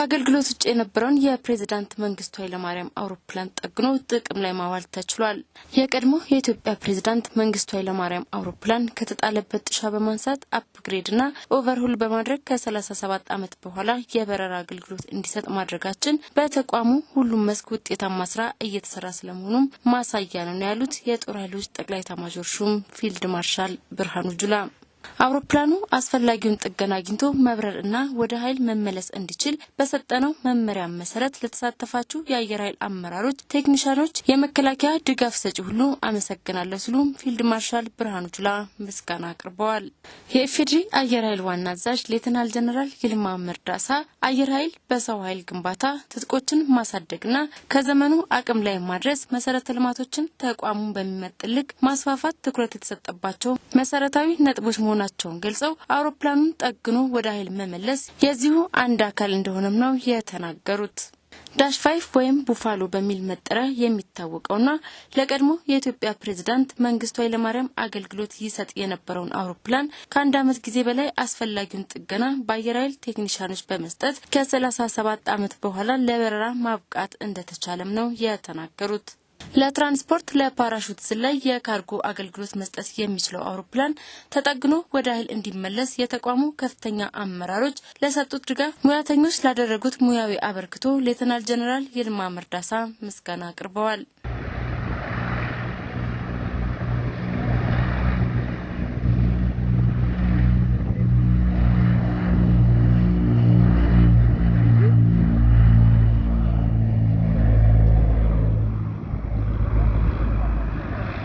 ከአገልግሎት ውጭ የነበረውን የፕሬዝዳንት መንግስቱ ኃይለማርያም አውሮፕላን ጠግኖ ጥቅም ላይ ማዋል ተችሏል። የቀድሞ የኢትዮጵያ ፕሬዝዳንት መንግስቱ ኃይለማርያም አውሮፕላን ከተጣለበት ጥሻ በማንሳት አፕግሬድና ኦቨርሁል በማድረግ ከ37 ዓመት በኋላ የበረራ አገልግሎት እንዲሰጥ ማድረጋችን በተቋሙ ሁሉም መስክ ውጤታማ ስራ እየተሰራ ስለመሆኑም ማሳያ ነው ያሉት የጦር ኃይሎች ጠቅላይ ኤታማዦር ሹም ፊልድ ማርሻል ብርሃኑ ጁላ አውሮፕላኑ አስፈላጊውን ጥገና አግኝቶ መብረር እና ወደ ኃይል መመለስ እንዲችል በሰጠነው መመሪያ መሰረት ለተሳተፋችሁ የአየር ኃይል አመራሮች፣ ቴክኒሻኖች፣ የመከላከያ ድጋፍ ሰጪ ሁሉ አመሰግናለሁ ሲሉም ፊልድ ማርሻል ብርሃኑ ጁላ ምስጋና አቅርበዋል። የኢፌዴሪ አየር ኃይል ዋና አዛዥ ሌተናል ጀነራል ይልማ መርዳሳ አየር ኃይል በሰው ኃይል ግንባታ ትጥቆችን ማሳደግና ከዘመኑ አቅም ላይ ማድረስ መሰረተ ልማቶችን ተቋሙ በሚመጥልቅ ማስፋፋት ትኩረት የተሰጠባቸው መሰረታዊ ነጥቦች መሆናቸውን ገልጸው አውሮፕላኑን ጠግኖ ወደ ኃይል መመለስ የዚሁ አንድ አካል እንደሆነም ነው የተናገሩት። ዳሽ ፋይፍ ወይም ቡፋሎ በሚል መጠሪያ የሚታወቀውና ለቀድሞ የኢትዮጵያ ፕሬዝዳንት መንግስቱ ኃይለማርያም አገልግሎት ይሰጥ የነበረውን አውሮፕላን ከአንድ ዓመት ጊዜ በላይ አስፈላጊውን ጥገና በአየር ኃይል ቴክኒሻኖች በመስጠት ከ37 ዓመት በኋላ ለበረራ ማብቃት እንደተቻለም ነው የተናገሩት። ለትራንስፖርት ለፓራሹት ዝላይ የካርጎ አገልግሎት መስጠት የሚችለው አውሮፕላን ተጠግኖ ወደ ኃይል እንዲመለስ የተቋሙ ከፍተኛ አመራሮች ለሰጡት ድጋፍ፣ ሙያተኞች ላደረጉት ሙያዊ አበርክቶ ሌተናል ጀኔራል ይልማ መርዳሳ ምስጋና አቅርበዋል።